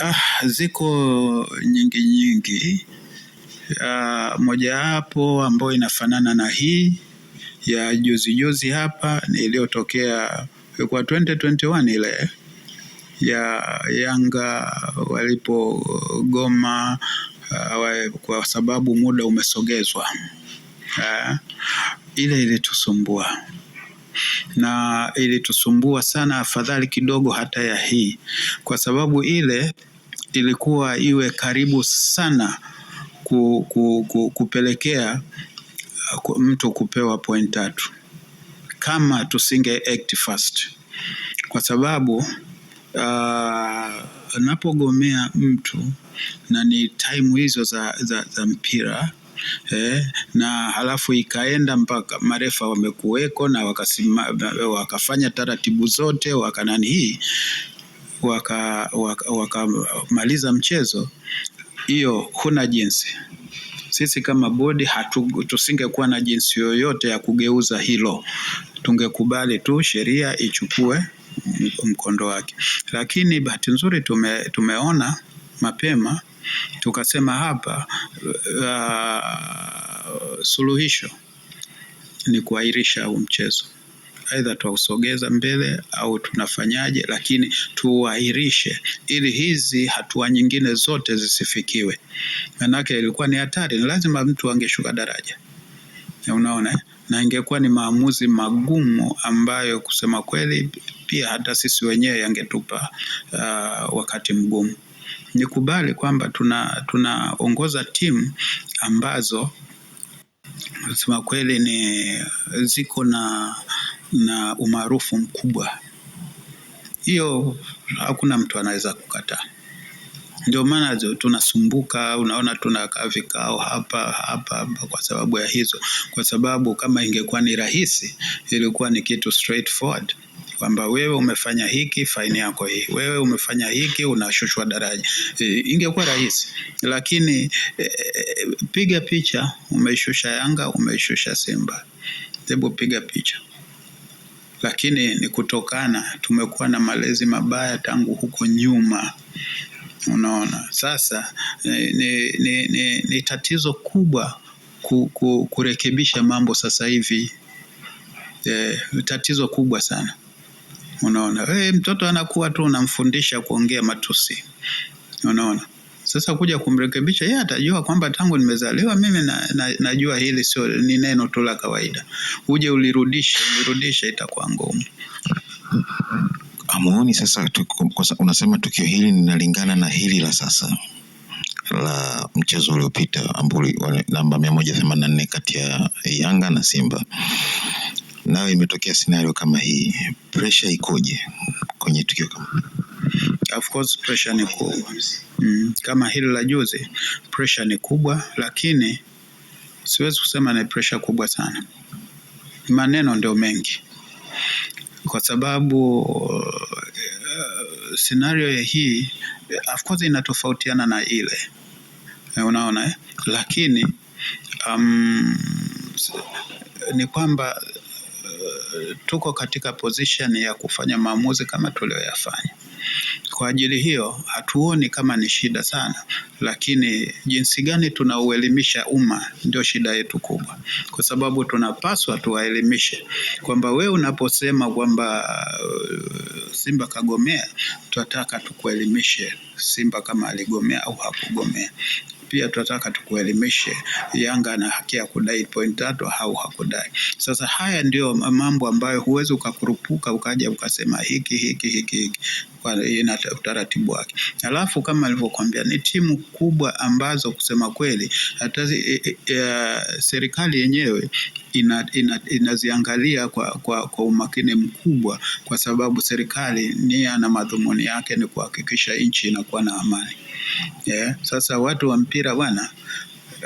Ah, ziko nyingi nyingi. Ah, mojawapo ambayo inafanana na hii ya juzi juzi hapa ni iliyotokea kwa 2021 ile ya Yanga walipogoma uh, kwa sababu muda umesogezwa. Uh, ile ilitusumbua na ilitusumbua sana, afadhali kidogo hata ya hii, kwa sababu ile ilikuwa iwe karibu sana ku, ku, ku, kupelekea uh, mtu kupewa point tatu kama tusinge act fast, kwa sababu uh, napogomea mtu na ni time hizo za, za, za mpira eh, na halafu ikaenda mpaka marefa wamekuweko na wakasima, wakafanya taratibu zote wakanani hii wakamaliza waka, waka mchezo. Hiyo huna jinsi. Sisi kama bodi tusingekuwa na jinsi yoyote ya kugeuza hilo, tungekubali tu sheria ichukue mkondo wake, lakini bahati nzuri tume, tumeona mapema tukasema hapa uh, suluhisho ni kuahirisha huu mchezo, aidha twausogeza mbele au tunafanyaje, lakini tuahirishe ili hizi hatua nyingine zote zisifikiwe. Manake ilikuwa ni hatari, ni lazima mtu angeshuka daraja, unaona, na ingekuwa ni maamuzi magumu ambayo kusema kweli pia hata sisi wenyewe yangetupa uh, wakati mgumu nikubali kwamba tunaongoza tuna timu ambazo sema kweli ni ziko na, na umaarufu mkubwa. Hiyo hakuna mtu anaweza kukataa. Ndio maana tunasumbuka, unaona, tunakaa vikao hapa hapa kwa sababu ya hizo, kwa sababu kama ingekuwa ni rahisi, ilikuwa ni kitu straightforward kwamba wewe umefanya hiki, faini yako hii, wewe umefanya hiki, unashushwa daraja. E, ingekuwa rahisi, lakini e, piga picha, umeishusha Yanga, umeishusha Simba, hebu piga picha lakini ni kutokana tumekuwa na malezi mabaya tangu huko nyuma. Unaona, sasa e, ni, ni, ni, ni tatizo kubwa ku, ku, kurekebisha mambo sasa hivi. E, tatizo kubwa sana unaona. Hey, eh, mtoto anakuwa tu unamfundisha kuongea matusi, unaona. Sasa kuja kumrekebisha yeye, atajua kwamba tangu nimezaliwa mimi na, na, najua hili sio ni neno tu la kawaida. Uje ulirudishe ulirudishe, itakuwa ngumu. Amuoni sasa tuku, unasema tukio hili linalingana na hili la sasa la mchezo uliopita ambao namba mia moja themanini na nne kati ya Yanga na Simba nayo imetokea scenario kama hii, pressure ikoje kwenye tukio kama Of course pressure ni kubwa mm, kama hili la juzi pressure ni kubwa, lakini siwezi kusema ni pressure kubwa sana. Maneno ndio mengi, kwa sababu uh, scenario ya hii of course inatofautiana na ile unaona eh? Lakini um, ni kwamba Uh, tuko katika position ya kufanya maamuzi kama tuliyoyafanya. Kwa ajili hiyo hatuoni kama ni shida sana, lakini jinsi gani tunauelimisha umma ndio shida yetu kubwa, kwa sababu tunapaswa tuwaelimishe kwamba wewe unaposema kwamba uh, Simba kagomea, tunataka tukuelimishe Simba kama aligomea au hakugomea pia tunataka tukuelimishe Yanga na haki ya kudai point tatu au hakudai. Sasa haya ndio mambo ambayo huwezi ukakurupuka ukaja ukasema hiki hiki hiki hiki ina utaratibu wake. Alafu kama alivyokuambia ni timu kubwa ambazo kusema kweli hata e, e, e, serikali yenyewe inaziangalia ina, kwa, kwa, kwa umakini mkubwa, kwa sababu serikali nia na madhumuni yake ni kuhakikisha nchi inakuwa na amani yeah. Sasa watu wa mpira bwana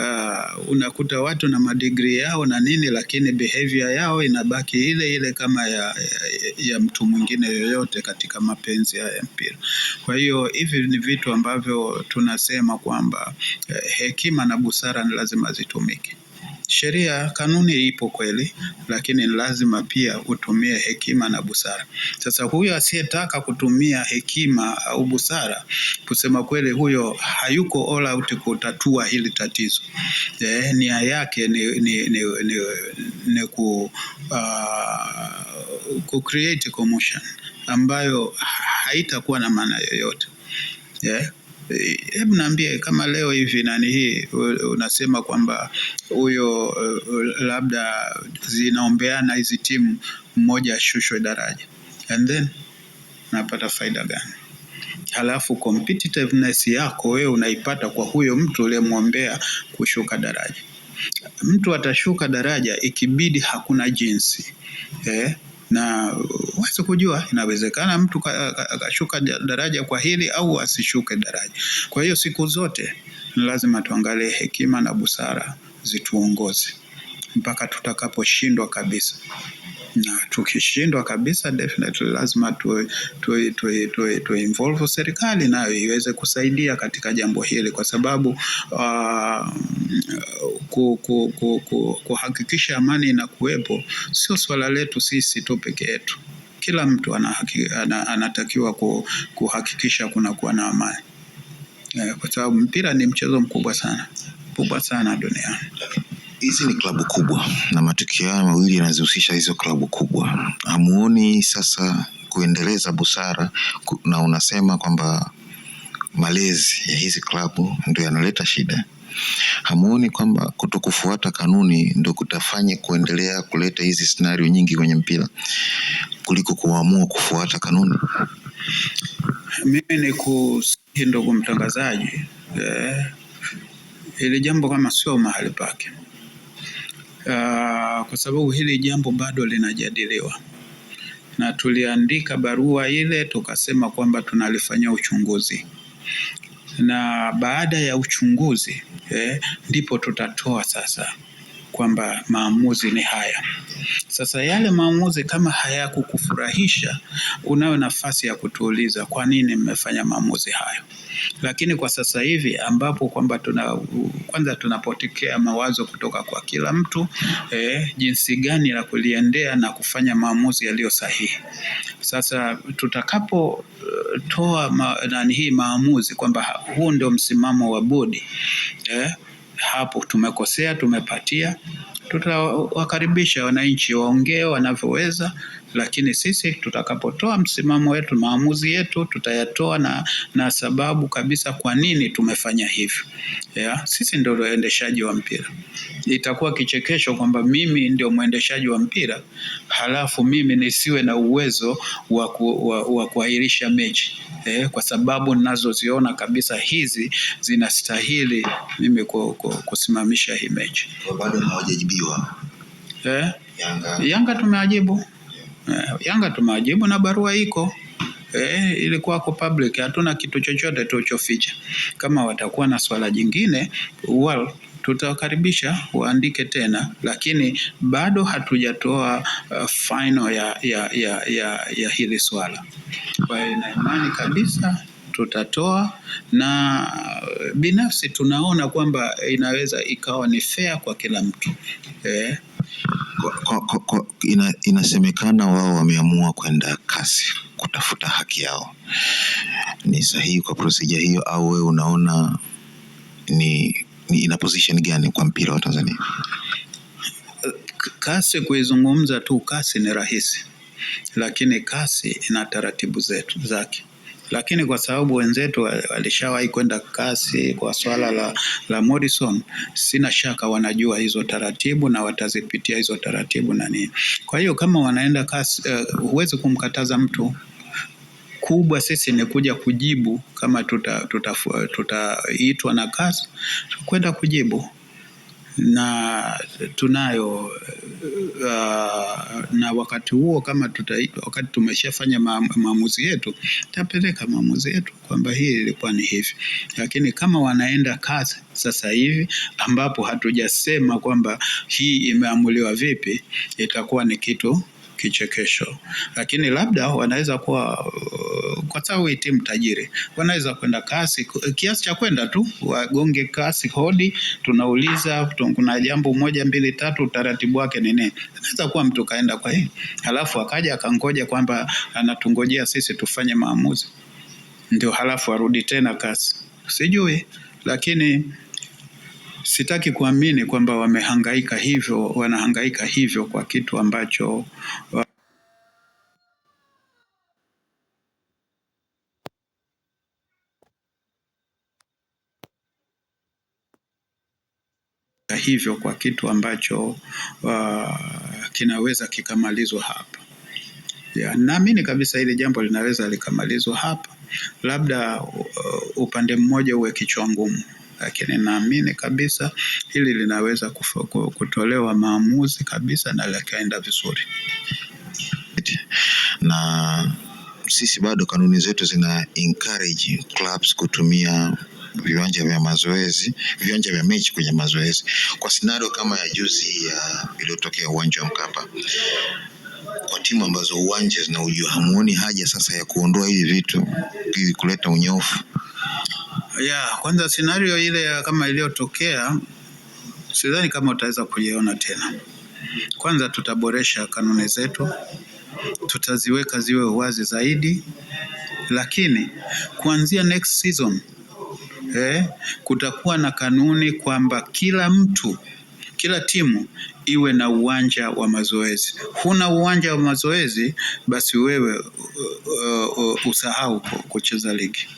Uh, unakuta watu na madigri yao na nini, lakini behavior yao inabaki ile ile kama ya, ya, ya mtu mwingine yoyote katika mapenzi haya ya mpira. Kwa hiyo hivi ni vitu ambavyo tunasema kwamba eh, hekima na busara ni lazima zitumike sheria kanuni ipo kweli, lakini lazima pia utumie hekima na busara. Sasa huyo asiyetaka kutumia hekima au busara, kusema kweli, huyo hayuko all out kutatua hili tatizo. E, nia yake ni, ni, ni, ni, ni ku, uh, ku create commotion ambayo haitakuwa na maana yoyote. Yeah hebu naambie kama leo hivi nani hii unasema kwamba huyo labda zinaombeana hizi timu mmoja ashushwe daraja and then napata faida gani? Halafu competitiveness yako wewe unaipata kwa huyo mtu uliyemwombea kushuka daraja. Mtu atashuka daraja, ikibidi hakuna jinsi eh, na huwezi kujua, inawezekana mtu akashuka daraja kwa hili au asishuke daraja. Kwa hiyo siku zote ni lazima tuangalie hekima na busara zituongoze mpaka tutakaposhindwa kabisa na tukishindwa kabisa, definitely lazima tu, tu, tu, tu, tu involve serikali nayo iweze kusaidia katika jambo hili, kwa sababu uh, ku, ku, ku, ku, kuhakikisha amani inakuwepo sio swala letu sisi tu peke yetu. Kila mtu anahaki, anatakiwa kuhakikisha kunakuwa na amani, eh, kwa sababu mpira ni mchezo mkubwa sana mkubwa sana duniani hizi ni klabu kubwa na matukio haya mawili yanazihusisha hizo klabu kubwa. Hamuoni sasa kuendeleza busara na unasema kwamba malezi ya hizi klabu ndio yanaleta shida? Hamuoni kwamba kuto kufuata kanuni ndo kutafanya kuendelea kuleta hizi scenario nyingi kwenye mpira kuliko kuamua kufuata kanuni? Mimi ni kusihi ndugu mtangazaji, eh, ili jambo kama sio mahali pake uh, kwa sababu hili jambo bado linajadiliwa na tuliandika barua ile tukasema kwamba tunalifanyia uchunguzi na baada ya uchunguzi eh, ndipo tutatoa sasa kwamba maamuzi ni haya. Sasa yale maamuzi kama hayakukufurahisha, unayo nafasi ya kutuuliza kwa nini mmefanya maamuzi hayo lakini kwa sasa hivi ambapo kwamba tuna kwanza tunapotekea mawazo kutoka kwa kila mtu eh, jinsi gani la kuliendea na kufanya maamuzi yaliyo sahihi. Sasa tutakapotoa eh, ma, nani hii maamuzi kwamba huu ndio msimamo wa bodi eh, hapo tumekosea, tumepatia, tutawakaribisha wananchi waongee wanavyoweza lakini sisi tutakapotoa msimamo wetu, maamuzi yetu tutayatoa na, na sababu kabisa kwa nini tumefanya hivyo yeah. Sisi ndio waendeshaji wa mpira. Itakuwa kichekesho kwamba mimi ndio mwendeshaji wa mpira halafu mimi nisiwe na uwezo wa, ku, wa, wa kuahirisha mechi eh, kwa sababu ninazoziona kabisa hizi zinastahili mimi kusimamisha hii mechi. Bado hawajajibiwa eh? Yanga, Yanga tumeajibu. Eh, Yanga tumewajibu na barua iko eh, ilikuwa kwa public, hatuna kitu chochote tulichoficha. Kama watakuwa na swala jingine well, tutawakaribisha waandike tena, lakini bado hatujatoa uh, final ya, ya, ya, ya, ya hili swala. Kwa hiyo na imani kabisa tutatoa na eh, binafsi tunaona kwamba inaweza ikawa ni fair kwa kila mtu eh ina, inasemekana wao wameamua kwenda kasi kutafuta haki yao. Ni sahihi kwa prosija hiyo, au wewe unaona ni, ni ina position gani kwa mpira wa Tanzania? Kasi kuizungumza tu kasi ni rahisi, lakini kasi ina taratibu zetu zake lakini kwa sababu wenzetu walishawahi kwenda kasi kwa swala la, la Morrison, sina shaka wanajua hizo taratibu na watazipitia hizo taratibu na nini. Kwa hiyo kama wanaenda kasi, eh, huwezi uh, kumkataza mtu kubwa sisi ni kuja kujibu kama tutaitwa tuta, tuta na kasi kwenda kujibu, na tunayo uh, na wakati huo kama tuta, wakati tumeshafanya maamuzi yetu, tapeleka maamuzi yetu kwamba hii ilikuwa ni hivi. Lakini kama wanaenda kazi sasa hivi ambapo hatujasema kwamba hii imeamuliwa vipi, itakuwa ni kitu kichekesho, lakini labda wanaweza kuwa uh, kwa sababu hii timu tajiri, wanaweza kwenda kasi kiasi cha kwenda tu wagonge kasi hodi. Tunauliza kuna jambo moja mbili tatu, utaratibu wake nini? Anaweza kuwa mtu kaenda kwa hii, halafu akaja akangoja kwamba anatungojea sisi tufanye maamuzi, ndio halafu arudi tena kasi. Sijui, lakini sitaki kuamini kwamba wamehangaika hivyo, wanahangaika hivyo kwa kitu ambacho hivyo kwa kitu ambacho uh, kinaweza kikamalizwa hapa. Naamini kabisa hili jambo linaweza likamalizwa hapa, labda uh, upande mmoja uwe kichwa ngumu, lakini naamini kabisa hili linaweza kutolewa maamuzi kabisa na likaenda vizuri. Na sisi bado kanuni zetu zina encourage clubs kutumia viwanja vya mazoezi, viwanja vya mechi kwenye mazoezi. Kwa scenario kama ya juzi ya iliyotokea uwanja wa Mkapa, kwa timu ambazo uwanja zinaujua, hamuoni haja sasa ya kuondoa hivi vitu ili kuleta unyofu? Yeah, kwanza scenario ile kama iliyotokea sidhani kama utaweza kuiona tena. Kwanza tutaboresha kanuni zetu, tutaziweka ziwe wazi zaidi, lakini kuanzia next season eh, kutakuwa na kanuni kwamba kila mtu kila timu iwe na uwanja wa mazoezi. Huna uwanja wa mazoezi, basi wewe uh, uh, uh, usahau kucheza ligi.